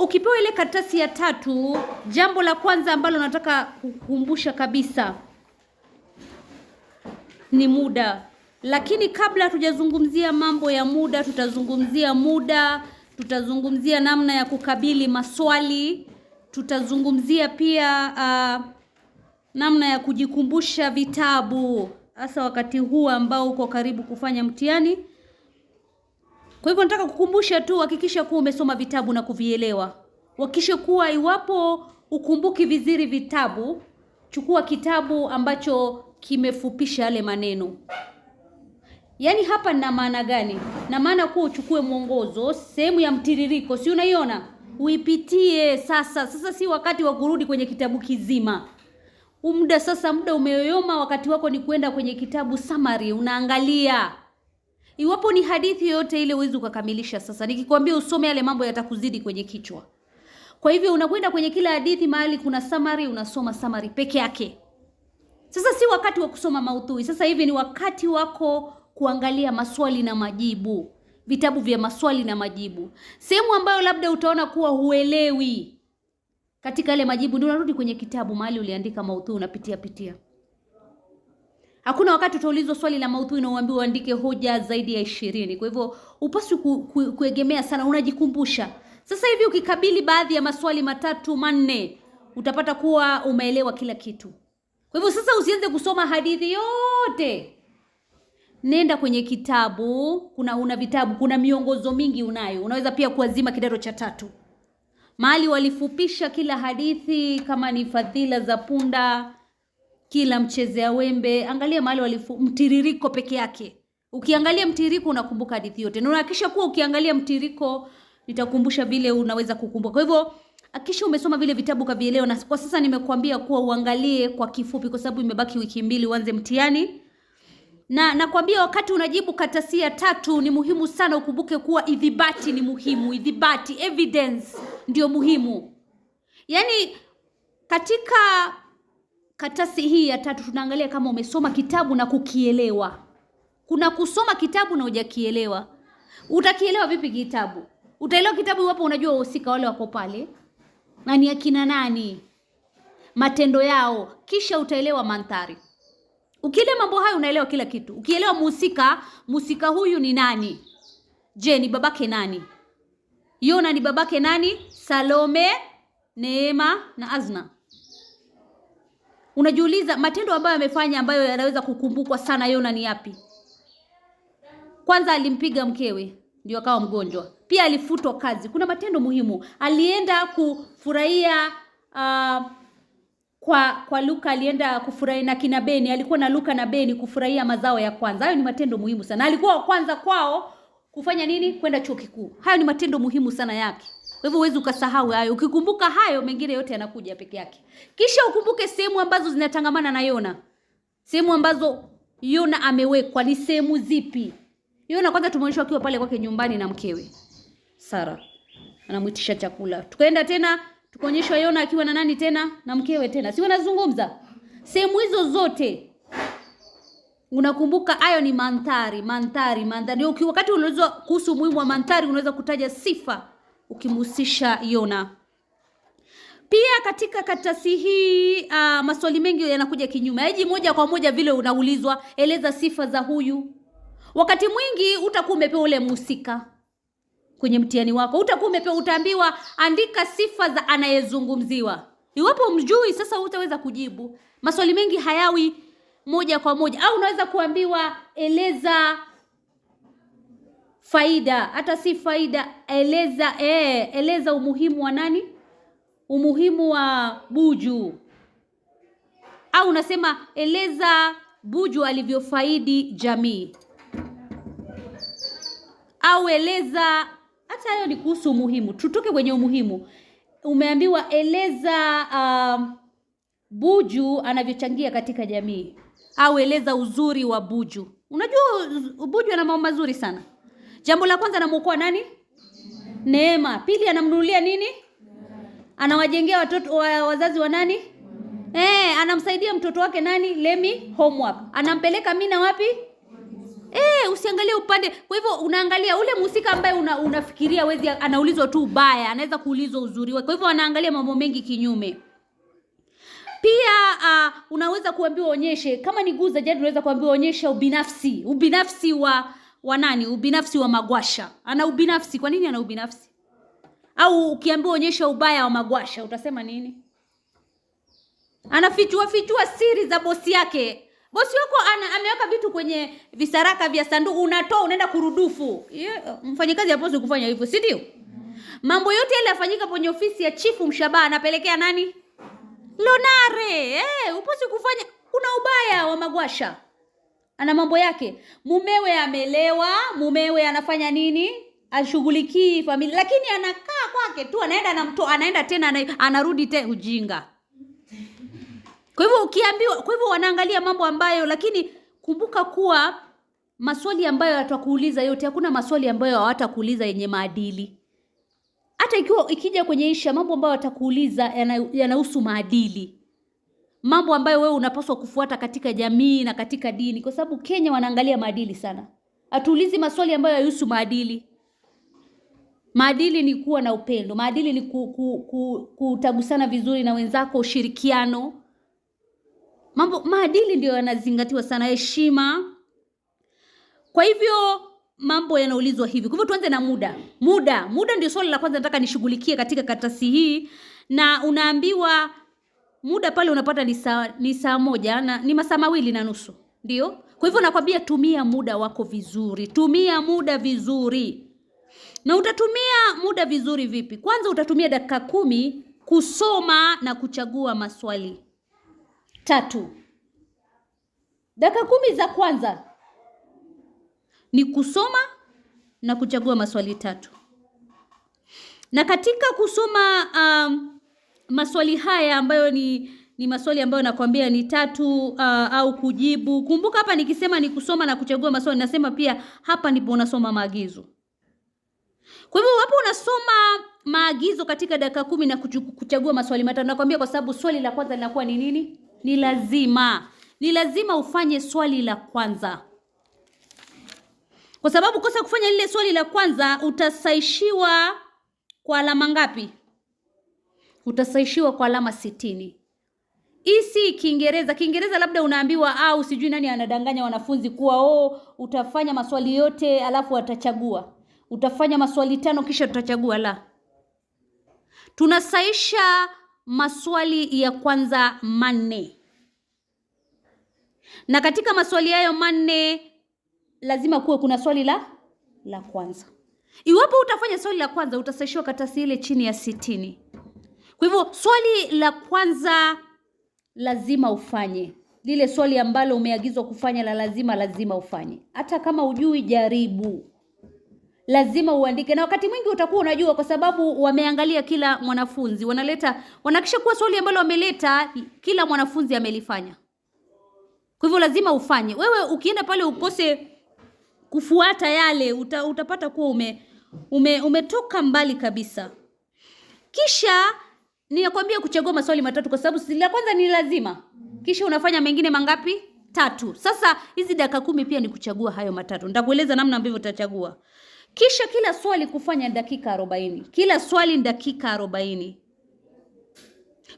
ukipewa ile karatasi ya tatu, jambo la kwanza ambalo nataka kukumbusha kabisa ni muda. Lakini kabla hatujazungumzia mambo ya muda, tutazungumzia muda, tutazungumzia namna ya kukabili maswali, tutazungumzia pia uh, namna ya kujikumbusha vitabu hasa wakati huu ambao uko karibu kufanya mtihani. Kwa hivyo nataka kukumbusha tu, hakikisha kuwa umesoma vitabu na kuvielewa. Hakikisha kuwa iwapo ukumbuki viziri vitabu, chukua kitabu ambacho kimefupisha yale maneno. Yaani hapa nina maana gani? Na maana kuwa uchukue mwongozo, sehemu ya mtiririko, si unaiona? Uipitie sasa. Sasa si wakati wa kurudi kwenye kitabu kizima. Muda sasa, muda umeyoyoma, wakati wako ni kwenda kwenye kitabu summary, unaangalia Iwapo ni hadithi yoyote ile uwezi ukakamilisha. Sasa nikikwambia usome yale mambo yatakuzidi kwenye kichwa. Kwa hivyo unakwenda kwenye kila hadithi mahali kuna summary, unasoma summary peke yake. Sasa si wakati wa kusoma maudhui. Sasa hivi ni wakati wako kuangalia maswali na majibu, vitabu vya maswali na majibu, sehemu ambayo labda utaona kuwa huelewi katika yale majibu, ndio unarudi kwenye kitabu mahali uliandika maudhui, unapitia pitia. Hakuna wakati utaulizwa swali la maudhui na uambiwa uandike hoja zaidi ya ishirini. Kwa hivyo upaswi ku, ku, kuegemea sana, unajikumbusha. Sasa hivi ukikabili baadhi ya maswali matatu manne, utapata kuwa umeelewa kila kitu. Kwa hivyo sasa usianze kusoma hadithi yote. Nenda kwenye kitabu, kuna una vitabu, kuna miongozo mingi unayo. Unaweza pia kuazima kidato cha tatu. Mahali walifupisha kila hadithi kama ni fadhila za punda kila mchezea wembe, angalia mahali walifu mtiririko peke yake. Ukiangalia mtiririko unakumbuka hadithi yote, na unahakisha kuwa ukiangalia mtiririko nitakukumbusha vile unaweza kukumbuka. Kwa hivyo akisha umesoma vile vitabu kavielewa, na kwa sasa nimekuambia kuwa uangalie kwa kifupi, kwa sababu imebaki wiki mbili uanze mtihani na nakwambia wakati unajibu katasia tatu ni muhimu sana ukumbuke kuwa idhibati ni muhimu. Idhibati, evidence ndio muhimu, yaani katika katasi hii ya tatu tunaangalia kama umesoma kitabu na kukielewa. Kuna kusoma kitabu na hujakielewa. Utakielewa vipi kitabu? Utaelewa kitabu iwapo unajua wahusika wale wako pale na ni akina nani, matendo yao, kisha utaelewa mandhari. Ukielewa mambo hayo, unaelewa kila kitu. Ukielewa mhusika, mhusika huyu ni nani? Je, ni babake nani? Yona ni babake nani? Salome, Neema na Azna unajiuliza matendo ambayo amefanya ambayo yanaweza kukumbukwa sana Yona ni yapi? Kwanza alimpiga mkewe ndio akawa mgonjwa, pia alifutwa kazi. Kuna matendo muhimu alienda kufurahia uh, kwa kwa Luka alienda kufurahia na kina Beni, alikuwa na Luka na Beni kufurahia mazao ya kwanza. Hayo ni matendo muhimu sana. Alikuwa wa kwanza kwao kufanya nini? Kwenda chuo kikuu. Hayo ni matendo muhimu sana yake. Kwa hivyo huwezi ukasahau hayo. Ukikumbuka hayo, mengine yote yanakuja peke yake. Kisha ukumbuke sehemu ambazo zinatangamana na Yona, sehemu ambazo Yona amewekwa ni sehemu zipi? Yona kwanza tumeonyeshwa akiwa pale kwake nyumbani na mkewe Sara, anamwitisha chakula. Tukaenda tena tukaonyeshwa Yona akiwa na nani tena? Na mkewe tena, si wanazungumza. Sehemu hizo zote unakumbuka, hayo ni mandhari, mandhari, mandhari. Wakati unaweza kuhusu umuhimu wa mandhari, unaweza kutaja sifa ukimhusisha Yona. Pia katika karatasi hii uh, maswali mengi yanakuja kinyume, haiji moja kwa moja vile unaulizwa eleza sifa za huyu. Wakati mwingi utakuwa umepewa ule mhusika kwenye mtihani wako, utakuwa umepewa, utaambiwa andika sifa za anayezungumziwa. Iwapo mjui sasa, utaweza kujibu maswali mengi hayawi moja kwa moja, au unaweza kuambiwa eleza faida, hata si faida, eleza eh, eleza umuhimu wa nani, umuhimu wa Buju, au unasema eleza Buju alivyofaidi jamii, au eleza hata hayo ni kuhusu umuhimu. Tutoke kwenye umuhimu, umeambiwa eleza uh, Buju anavyochangia katika jamii, au eleza uzuri wa Buju. Unajua Buju ana mambo mazuri sana. Jambo la kwanza anamuokoa nani? Neema. Pili anamnunulia nini? Anawajengea watoto wa, wazazi wa nani? Eh, anamsaidia mtoto wake nani? Lemi homework. Anampeleka Mina wapi? Eh, usiangalie upande. Kwa hivyo unaangalia ule mhusika ambaye una, unafikiria wezi anaulizwa tu ubaya, anaweza kuulizwa uzuri wake. Kwa hivyo anaangalia mambo mengi kinyume. Pia uh, unaweza kuambiwa onyeshe, kama ni guza jadi unaweza kuambiwa onyesha ubinafsi, ubinafsi wa wa nani? Ubinafsi wa Magwasha. Ana ubinafsi. Kwa nini ana ubinafsi? Au ukiambiwa onyesha ubaya wa Magwasha utasema nini? Anafichua fichua siri za bosi yake. Bosi wako ameweka vitu kwenye visaraka vya sanduku, unatoa unaenda kurudufu. Yeah, mfanyikazi hapaswi kufanya hivyo, si ndio? Mambo yote yale yafanyika kwenye ofisi ya Chifu Mshabaha, anapelekea nani? Lonare. Eh, hey, hupaswi kufanya. Kuna ubaya wa Magwasha ana mambo yake, mumewe amelewa, mumewe anafanya nini, ashughulikii familia, lakini anakaa kwake tu, anaenda na anaenda tena anarudi tena, ujinga. Kwa hivyo ukiambiwa, kwa hivyo wanaangalia mambo ambayo, lakini kumbuka kuwa maswali ambayo watakuuliza yote, hakuna maswali ambayo hawatakuuliza yenye maadili. Hata ikiwa ikija kwenye isha, mambo ambayo watakuuliza yanahusu maadili mambo ambayo wewe unapaswa kufuata katika jamii na katika dini, kwa sababu Kenya wanaangalia maadili sana. Hatuulizi maswali ambayo yahusu maadili. Maadili ni kuwa na upendo, maadili ni kutagusana ku, ku, kutagusana vizuri na wenzako, ushirikiano. Mambo maadili ndio yanazingatiwa sana, heshima. Kwa hivyo mambo yanaulizwa hivi. Kwa hivyo tuanze na muda. Muda, muda ndio swali la kwanza nataka nishughulikie katika karatasi hii, na unaambiwa muda pale unapata ni saa ni saa moja na ni masaa mawili na nusu, ndio. Kwa hivyo nakwambia, tumia muda wako vizuri, tumia muda vizuri. Na utatumia muda vizuri vipi? Kwanza utatumia dakika kumi kusoma na kuchagua maswali tatu. Dakika kumi za kwanza ni kusoma na kuchagua maswali tatu, na katika kusoma um, maswali haya ambayo ni ni maswali ambayo nakwambia ni tatu uh, au kujibu. Kumbuka hapa nikisema ni kusoma na kuchagua maswali, nasema pia hapa ndipo unasoma maagizo. Kwa hivyo hapo unasoma maagizo katika dakika kumi na kuchagua maswali matatu. Nakwambia kwa sababu swali la kwanza linakuwa ni nini? Ni lazima, ni lazima ufanye swali la kwanza, kwa sababu kosa kufanya lile swali la kwanza utasaishiwa kwa alama ngapi? utasaishiwa kwa alama sitini. Hii e, si Kiingereza. Kiingereza labda unaambiwa au ah, sijui nani anadanganya wanafunzi kuwa oh, utafanya maswali yote alafu atachagua, utafanya maswali tano kisha tutachagua. La, tunasaisha maswali ya kwanza manne, na katika maswali hayo manne lazima kuwe kuna swali la la kwanza. Iwapo utafanya swali la kwanza, utasaishiwa karatasi ile chini ya sitini. Kwa hivyo swali la kwanza lazima ufanye lile swali ambalo umeagizwa kufanya la lazima, lazima ufanye. Hata kama ujui, jaribu, lazima uandike. Na wakati mwingi utakuwa unajua, kwa sababu wameangalia kila mwanafunzi, wanaleta wanakisha kuwa swali ambalo wameleta kila mwanafunzi amelifanya. Kwa hivyo lazima ufanye wewe. Ukienda pale ukose kufuata yale, uta, utapata kuwa ume, ume, umetoka mbali kabisa kisha Ninakwambia kuchagua maswali matatu kwa sababu la kwanza ni lazima, kisha unafanya mengine mangapi? Tatu. Sasa hizi dakika kumi pia ni kuchagua hayo matatu. Nitakueleza namna ambavyo utachagua. Kisha kila swali kufanya dakika arobaini. Kila swali ni dakika arobaini.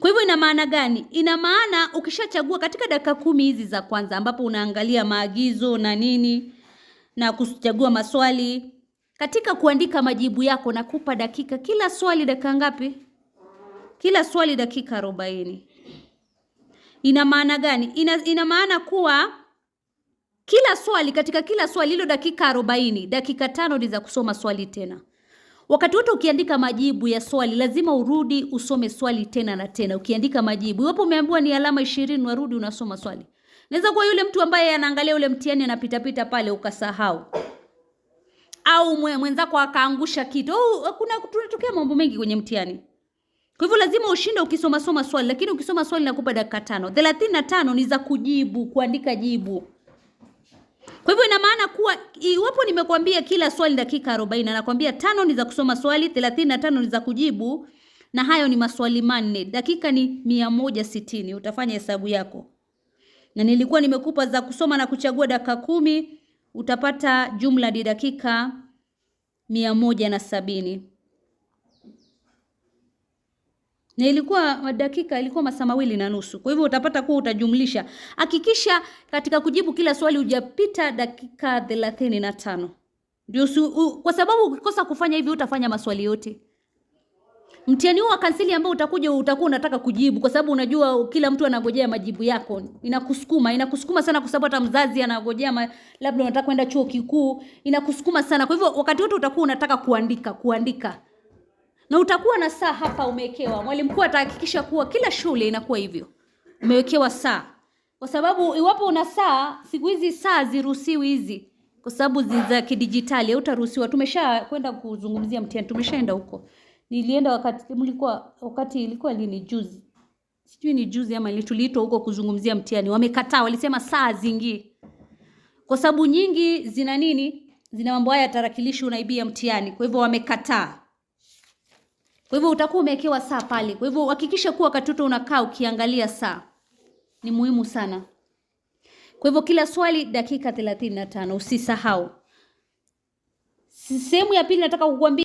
Kwa hivyo ina maana gani? Ina maana ukishachagua katika dakika kumi hizi za kwanza ambapo unaangalia maagizo na nini na kuchagua maswali, katika kuandika majibu yako nakupa dakika, kila swali dakika ngapi? Kila swali dakika arobaini. Ina maana gani? Ina, ina maana kuwa kila swali katika kila swali hilo dakika arobaini, dakika tano ni za kusoma swali tena. Wakati wote ukiandika majibu ya swali lazima urudi usome swali tena na tena. Ukiandika majibu, iwapo umeambiwa ni alama ishirini, warudi unasoma swali. Naweza kuwa yule mtu ambaye anaangalia ule mtihani anapitapita pale ukasahau, au mwenzako akaangusha kitu. Oh, Kuna tunatokea mambo mengi kwenye mtihani. Kwa hivyo lazima ushinde ukisoma soma swali, lakini ukisoma swali nakupa dakika tano. Thelathini na tano ni za kujibu, kuandika jibu. Kwa hivyo ina maana kuwa iwapo nimekwambia kila swali dakika 40 na nakwambia tano ni za kusoma swali, 35 ni za kujibu na hayo ni maswali manne. Dakika ni 160. Utafanya hesabu yako. Na nilikuwa nimekupa za kusoma na kuchagua dakika kumi, utapata jumla ni dakika 170 na ilikuwa dakika ilikuwa masaa mawili na nusu. Kwa hivyo utapata kuwa utajumlisha. Hakikisha katika kujibu kila swali hujapita dakika thelathini na tano ndio, kwa sababu ukikosa kufanya hivi utafanya maswali yote. Mtihani huu wa kansili ambao utakuja utakuwa unataka kujibu, kwa sababu unajua kila mtu anagojea majibu yako. Inakusukuma, inakusukuma sana, kwa sababu hata mzazi anagojea ma, labda unataka kwenda chuo kikuu, inakusukuma sana. Kwa hivyo wakati wote utakuwa unataka kuandika, kuandika na utakuwa na saa hapa umewekewa. Mwalimu mkuu atahakikisha kuwa kila shule inakuwa hivyo, umewekewa saa, kwa sababu iwapo una saa, siku hizi saa ziruhusiwi hizi, kwa sababu za kidijitali, hautaruhusiwa. Tumesha kwenda kuzungumzia mtihani, tumeshaenda huko. Nilienda wakati mlikuwa, wakati ilikuwa lini? Juzi, sijui ni juzi ama ili, tuliitwa huko kuzungumzia mtihani, wamekataa, walisema saa zingi, kwa sababu nyingi zina nini, zina mambo haya tarakilishi, unaibia mtihani, kwa hivyo wamekataa. Kwa hivyo utakuwa umewekewa saa pale. Kwa hivyo hakikisha kuwa katoto unakaa ukiangalia saa, ni muhimu sana. Kwa hivyo kila swali dakika 35, usisahau. Sehemu ya pili nataka kukuambia